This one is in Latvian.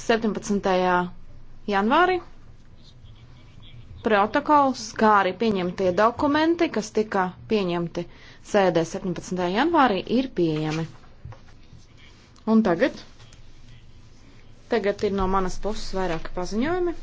17. janvāri. Protokols, kā arī pieņemtie dokumenti, kas tika pieņemti sēdē 17. janvārī, ir pieejami. Un tagad? Tagad ir no manas puses vairāki paziņojumi.